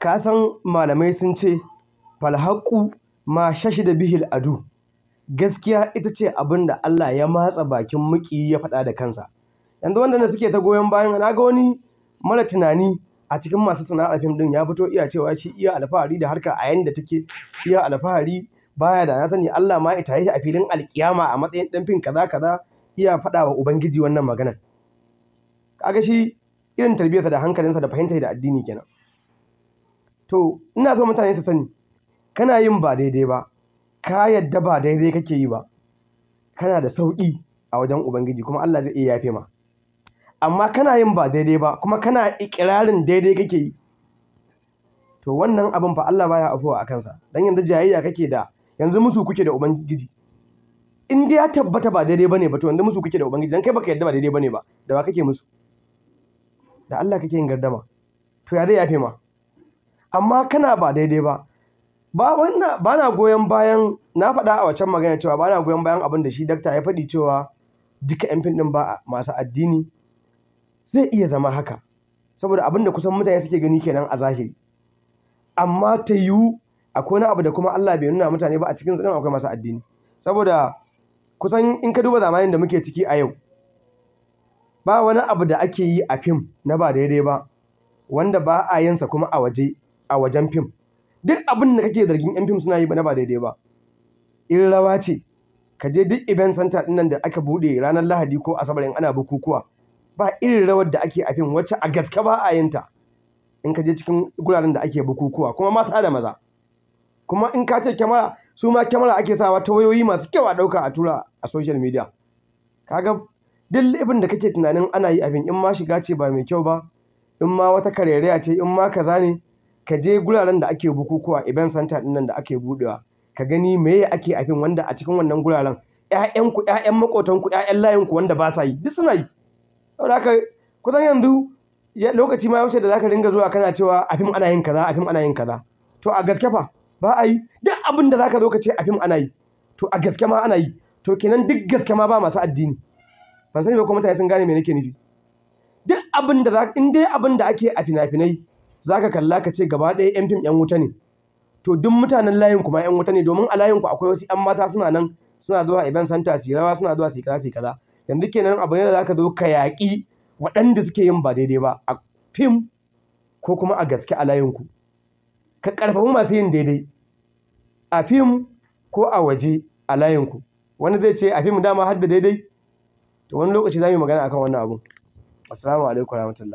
ka san malamai sun ce falhaƙu ma shashi da bihil adu gaskiya ita ce abin da Allah ya matsa bakin muƙi ya faɗa da kansa yanzu wanda suke ta goyon bayan na ga wani mara tunani a cikin masu sana'ar fim din ya fito iya cewa shi iya alfahari da harka a yanda take iya alfahari baya da na sani Allah ma ita yi a filin alkiyama a matsayin dan fim kaza kaza iya faɗa wa ubangiji wannan maganar kaga shi irin tarbiyarsa da hankalinsa da fahimtar da addini kenan to ina so mutane su sani kana yin ba daidai ba ka yadda ba daidai kake yi ba kana da sauƙi a wajen ubangiji kuma Allah zai iya yafe ma amma kana yin ba daidai ba kuma kana ikirarin daidai kake yi to wannan abin fa Allah baya afuwa a kansa dan yanzu jayayya kake da yanzu musu kuke da ubangiji in dai ya tabbata ba daidai bane ba to yanzu musu kuke da ubangiji dan kai baka yadda ba daidai bane ba da ba kake musu da Allah kake yin gardama to ya zai yafe ma amma kana ba daidai ba ba ba na goyon bayan na faɗa a wacan magana cewa ba na goyon bayan abin da shi dakta ya faɗi cewa duka yan fin ɗin ba masu addini zai iya zama haka saboda abin da kusan mutane suke gani kenan a zahiri amma ta yiwu akwai wani abu da kuma Allah bai nuna mutane ba a cikin tsirin akwai masu addini saboda kusan in ka duba zamanin da muke ciki a yau ba wani abu da ake yi a fim na ba daidai ba wanda ba a yinsa kuma a waje a wajen fim duk abin da kake zargin yan fim suna yi na ba daidai ba in rawa ce ka je duk event center ɗin nan da aka buɗe ranar lahadi ko asabar in ana bukukuwa ba irin rawar da ake a fim wacce a gaske ba a yin in ka je cikin guraren da ake bukukuwa kuma mata da maza kuma in ka ce kyamara su ma kyamara ake sawa ta wayoyi masu kyau a ɗauka a tura a social media kaga duk abin da kake tunanin ana yi a fim in ma shiga ce ba mai kyau ba in ma wata karerea ce in ma kaza ne ka je guraren da ake bukukuwa iban Santa ɗin nan da ake buɗewa ka gani meye ake afin wanda a cikin wannan guraren ku ƴaƴan ku ƴaƴan ku, wanda ba sa yi duk suna yi saboda haka kusan yanzu lokaci ma yaushe da zaka ringa zuwa kana cewa fim ana yin kaza fim ana yin kaza to a gaske fa ba a yi duk abin da zaka zo ka ce fim ana yi to a gaske ma ana yi to kenan duk gaske ma ba masu addini ban sani ba ko mutane sun gane me nake nufi duk abin da in dai abin da ake a fina-finai za ka kalla ka ce gaba ɗaya 'yan fim 'yan wuta ne to duk mutanen layin kuma 'yan wuta ne domin a layin ku akwai wasu 'yan mata suna nan suna zuwa event center su rawa suna zuwa su kaza su kaza yanzu kenan abu ne da za ka zo ka yaƙi waɗanda suke yin ba daidai ba a fim ko kuma a gaske a layin ku ka ƙarfafi masu yin daidai a fim ko a waje a layin ku wani zai ce a fim dama har da daidai to wani lokaci za mu yi magana akan wannan abun assalamu alaikum warahmatullahi